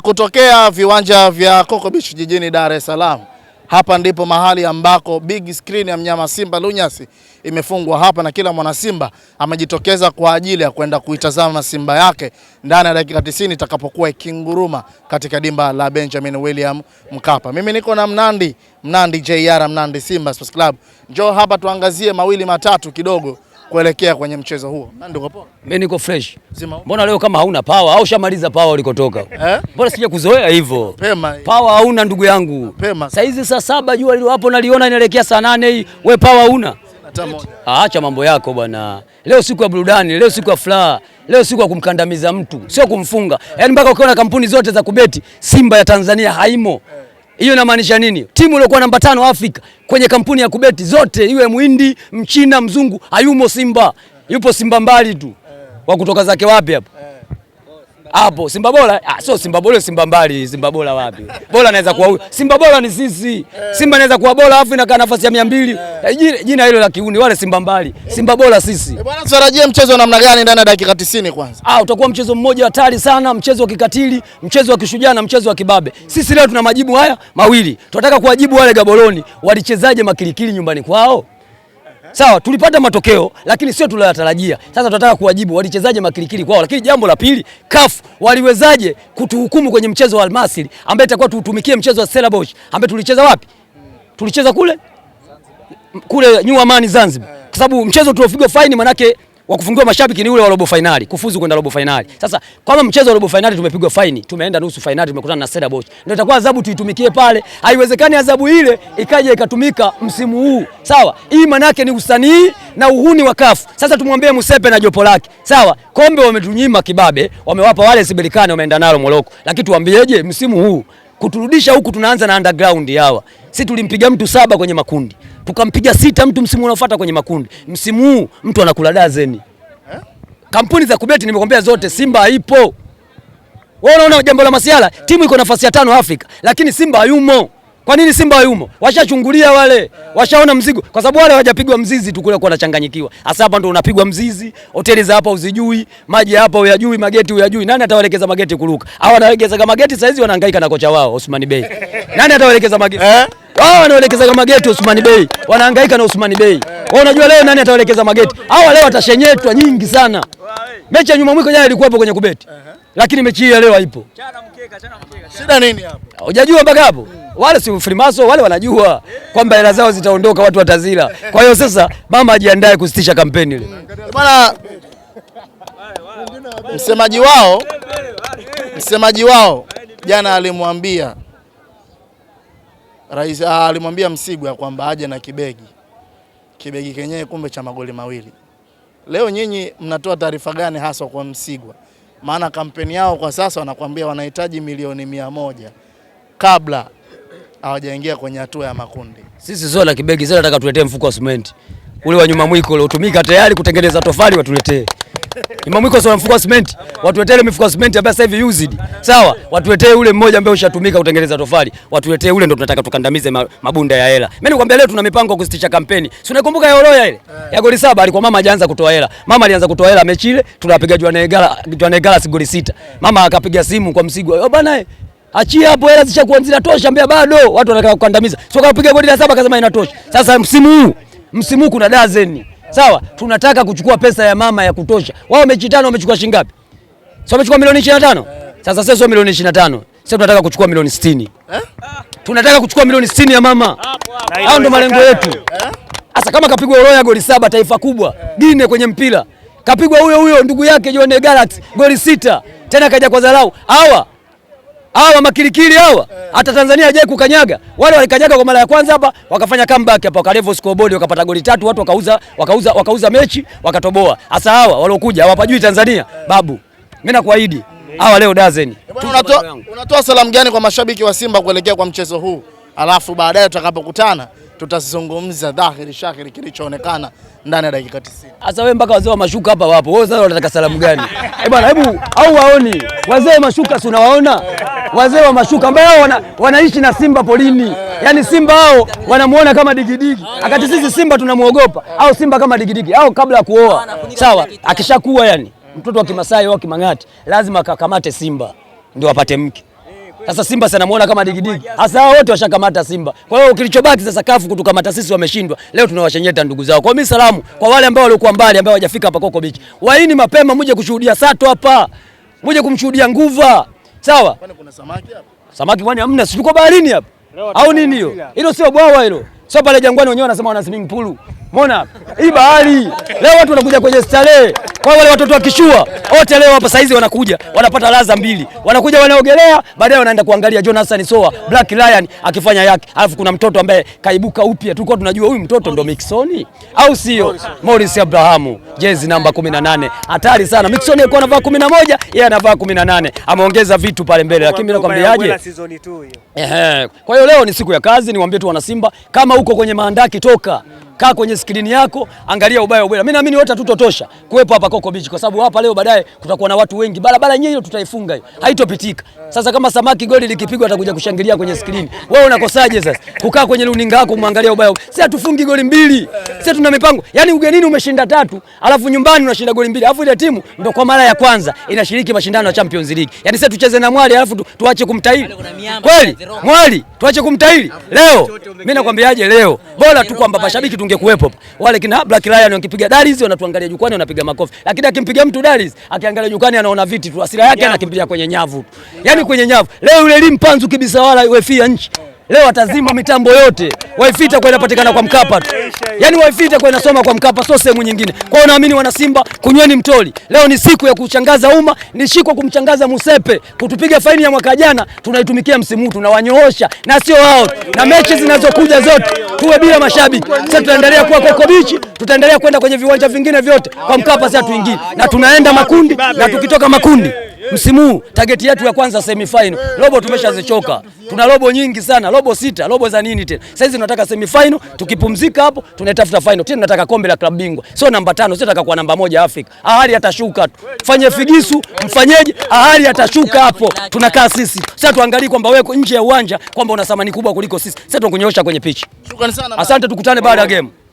kutokea viwanja vya Coco Beach jijini Dar es Salaam, hapa ndipo mahali ambako big screen ya mnyama Simba Lunyasi imefungwa hapa, na kila mwana Simba amejitokeza kwa ajili ya kwenda kuitazama Simba yake ndani ya dakika 90 itakapokuwa ikinguruma katika dimba la Benjamin William Mkapa. Mimi niko na Mnandi, Mnandi JR, Mnandi Simba Sports Club. Njoo hapa tuangazie mawili matatu kidogo kuelekea kwenye mchezo huo. Ndio Mimi niko fresh. Mbona leo kama hauna power au shamaliza power ulikotoka? Eh? Mbona sija kuzoea hivyo? Power hauna ndugu yangu. Saa hizi saa saba jua lilo hapo naliona inaelekea saa nane hii. Wewe power hauna? Ah, acha mambo yako bwana. Leo siku ya burudani, leo siku ya furaha, leo siku ya kumkandamiza mtu, sio kumfunga. Yaani mpaka ukiona kampuni zote za kubeti Simba ya Tanzania haimo. Eh. Hiyo inamaanisha nini? Timu iliyokuwa namba tano Afrika kwenye kampuni ya kubeti zote, iwe mwindi, mchina, mzungu, hayumo Simba, yupo Simba mbali tu, wa kutoka zake wapi hapo? Eh hapo Simba bora ah, sio Simba bora, Simba mbali, Simba bora wapi? Bora anaweza kuwa Simba bora ni sisi. Simba anaweza kuwa bora afu inakaa nafasi ya 200. Eh, jina hilo la kiuni wale Simba mbali. Simba bora sisi. Eh, bwana, tutarajie mchezo wa namna gani ndani ya dakika 90 kwanza? Ah, utakuwa mchezo mmoja hatari sana, mchezo wa kikatili, mchezo wa kishujaa na mchezo wa kibabe. Sisi leo tuna majibu haya mawili. Tunataka kuwajibu wale Gaboroni walichezaje makilikili nyumbani kwao. Sawa, tulipata matokeo lakini sio tuliyotarajia. Sasa tunataka kuwajibu walichezaje makilikili kwao. Lakini jambo la pili, CAF waliwezaje kutuhukumu kwenye mchezo wa Almasiri ambaye itakuwa tuutumikie mchezo wa Stellenbosch ambaye tulicheza wapi? Tulicheza kule kule New Amani Zanzibar, kwa sababu mchezo tuliopigwa faini manake wa kufungiwa mashabiki ni ule wa robo finali, kufuzu kwenda robo finali. Sasa kama mchezo wa robo finali tumepigwa faini, tumeenda nusu finali, tumekutana na Stellenbosch, ndio itakuwa adhabu tuitumikie pale. Haiwezekani adhabu ile ikaje ikatumika msimu huu, sawa? Hii maana yake ni usanii na uhuni wa kafu. Sasa tumwambie Musepe na jopo lake, sawa? Kombe wametunyima kibabe, wamewapa wale Sibelikani, wameenda nalo Moroko, lakini tuambieje msimu huu kuturudisha huku, tunaanza na underground hawa. Si tulimpiga mtu saba kwenye makundi, tukampiga sita mtu msimu unaofuata kwenye makundi. Msimu huu mtu anakula dazeni eh? Kampuni za kubeti nimekwambia zote, Simba haipo. Wewe unaona jambo la masiala, timu iko nafasi ya tano Afrika, lakini Simba hayumo. Kwa nini Simba hayumo? Washachungulia wale, washaona mzigo, kwa sababu wale hawajapigwa mzizi tu kule kwa wanachanganyikiwa. Hasa hapa ndo unapigwa mzizi, hoteli za hapa uzijui, maji ya hapa uyajui, mageti uyajui. Nani atawaelekeza mageti kuruka? Hao wanaelekeza mageti, saizi wanahangaika na kocha wao Osman Bey. Nani atawaelekeza mageti? Eh? Hao ah, wanaelekeza kama geti Usmani Bey. Wanahangaika na Usmani Bey. Wao unajua leo nani ataelekeza mageti? Hawa leo atashenyetwa nyingi sana. Mechi ya nyuma mwiko jana ilikuwa hapo kwenye kubeti. Lakini mechi hii ya leo haipo. Chana mkeka, chana mkeka. Shida nini hapo? Hujajua mpaka hapo? Wale si frimaso wale wanajua kwamba hela zao zitaondoka, watu watazila. Kwa hiyo sasa mama ajiandae kusitisha kampeni ile. Bwana msemaji wao msemaji wao jana alimwambia Rais ah, alimwambia Msigwa kwamba aje na kibegi, kibegi kenyewe kumbe cha magoli mawili. Leo nyinyi mnatoa taarifa gani haswa kwa Msigwa? Maana kampeni yao kwa sasa wanakuambia wanahitaji milioni mia moja kabla hawajaingia kwenye hatua ya makundi. Sisi sio la kibegi, sasa nataka tuletee mfuko wa simenti ule wa nyuma mwiko utumika tayari kutengeneza tofali, watuletee. Imamwiko sio mfuko wa simenti, watuletee ile mifuko simenti ambayo sasa hivi used. Sawa, watuletee ule mmoja ambaye ushatumika kutengeneza tofali, watuletee ule, ndio tunataka tukandamize mabunda ya hela. Mimi nikwambia leo tuna mipango ya kusitisha kampeni. Si unakumbuka ya Oroya ile eh. ya goli saba, alikuwa mama hajaanza kutoa hela. Mama alianza kutoa hela mechi ile, tunapiga Jwanegala Jwanegala goli sita. Eh. Mama akapiga simu kwa Msigwa, bana eh, Achia hapo hela zishakuwa zinatosha, mbea bado watu wanataka kukandamiza. Sio kapiga goli la saba akasema inatosha. Sasa msimu huu msimu huu kuna dazeni Sawa, tunataka kuchukua pesa ya mama ya kutosha. Wao mechi tano wamechukua shilingi ngapi? Sio wamechukua milioni 25? Sasa sasa sio milioni 25. Sasa tunataka kuchukua milioni 60. Eh? Tunataka kuchukua milioni 60 ya mama. Hao ndo malengo yetu. Sasa kama kapigwa Oroya goli saba taifa kubwa, Gine kwenye mpira. Kapigwa huyo huyo ndugu yake Jone Galaxy goli sita. Tena kaja kwa dharau. Hawa hawa makilikili hawa hata Tanzania haijawahi kukanyaga. Wale walikanyaga kwa mara ya kwanza hapa, wakafanya comeback hapa, wakalevo scoreboard, wakapata goli tatu, watu wakauza, wakauza, wakauza mechi wakatoboa. Hasa hawa waliokuja hawapajui Tanzania babu, mimi nakuahidi hawa leo dazeni. Unatoa, unatoa salamu gani kwa mashabiki wa Simba kuelekea kwa mchezo huu, alafu baadaye tutakapokutana tutazungumza dhahiri shahiri kilichoonekana ndani ya dakika 90. Sasa wewe mpaka wazee wa mashuka hapa wapo. Wewe sasa unataka salamu gani? Eh bwana, hebu au waoni wazee mashuka si unawaona? wazee wa mashuka ambao wana, wanaishi na Simba polini, yaani Simba hao wanamuona kama digidigi, akati sisi Simba tunamuogopa au Simba kama digidigi au kabla ya kuoa sawa, akishakuwa yani mtoto wa Kimasai au Kimang'ati lazima akakamate Simba ndio apate mke. Sasa Simba sana muona kama digidigi, hasa hao wote washakamata Simba. Kwa hiyo kilichobaki sasa kafu kutukamata sisi, wameshindwa leo, tunawashenyeta ndugu zao. Kwa mimi salamu kwa wale ambao walikuwa mbali, ambao hawajafika hapa Coco Beach, waini mapema, muje kushuhudia sato hapa, muje kumshuhudia nguva sawa. Kwani kuna samaki hapa? Samaki kwani hamna? Si tuko baharini hapa au nini? Hiyo hilo sio bwawa hilo, sio pale Jangwani wenyewe wanasema wana swimming pool. Umeona hii bahari leo watu wanakuja kwenye starehe kwa wale watoto wa kishua wote leo hapa saizi wanakuja wanapata laza mbili, wanakuja wanaogelea, baadaye wanaenda kuangalia John Hassan Soa Black Lion akifanya yake, alafu kuna mtoto ambaye kaibuka upya. Tulikuwa tunajua huyu mtoto ndo Mixon au sio? Morris Abrahamu, jezi namba 18, hatari sana. Mixon alikuwa anavaa 11, yeye anavaa 18, ameongeza vitu pale mbele, lakini mimi nakwambiaje? Ehe, kwa hiyo leo ni siku ya kazi. Niwaambie tu wana Simba, kama uko kwenye maandaki, toka kaa kwenye skrini yako, angalia ubaya ubaya. Mimi naamini wote tutotosha kuwepo hapa. Coco Beach kwa sababu hapa leo baadaye kutakuwa na watu wengi. Barabara yenyewe ile tutaifunga hiyo. Haitopitika. Sasa kama samaki goli likipigwa atakuja kushangilia kwenye skrini. Wewe unakosaje sasa? Kukaa kwenye runinga yako kumwangalia ubaya. Sisi hatufungi goli mbili. Sisi tuna mipango. Yaani ugenini umeshinda tatu, alafu nyumbani unashinda goli mbili. Alafu ile timu ndio kwa mara ya kwanza inashiriki mashindano ya Champions League. Yaani sasa tucheze na mwali alafu tu, tuache kumtahiri. Kweli? Mwali, tuache kumtahiri. Leo mimi nakwambiaje leo? Bora tu kwamba mashabiki tungekuwepo. Wale kina Black Lion wakipiga dari hizi wanatuangalia jukwani wanapiga makofi lakini akimpiga mtu Daris akiangalia jukani anaona viti tu, asira yake anakimbilia kwenye nyavu, yani kwenye nyavu. Leo yule limpanzu kibisa wala wefia nchi Leo watazima mitambo yote. Wifi itakuwa inapatikana kwa Mkapa tu. Yaani wifi itakuwa inasoma kwa Mkapa, sio sehemu nyingine. Kwa hiyo naamini wana Simba, kunyweni mtoli. Leo ni siku ya kuchangaza umma, ni siku kumchangaza Musepe. Kutupiga faini ya mwaka jana tunaitumikia msimu huu, tunawanyoosha na sio wao. Na mechi zinazokuja zote tuwe bila mashabiki. Sasa tutaendelea kuwa Koko bichi, tutaendelea kwenda kwenye viwanja vingine vyote kwa Mkapa sasa tuingie. Na tunaenda makundi na tukitoka makundi msimu huu tageti yetu ya kwanza semifinal. Robo tumeshazichoka, tuna robo nyingi sana, robo sita, robo za nini tena? Sasa hizi tunataka semifinal, tukipumzika hapo tunatafuta final tena. Tunataka kombe la klabu bingwa, sio namba tano, sio nataka kuwa namba moja Afrika. Ahali atashuka tu, fanye figisu, mfanyeje? Ahali atashuka hapo, tunakaa sisi sasa. Tuangalie kwamba wewe nje ya uwanja kwamba una thamani kubwa kuliko sisi. Sasa tunakunyoosha kwenye pichi. Asante, tukutane baada ya game.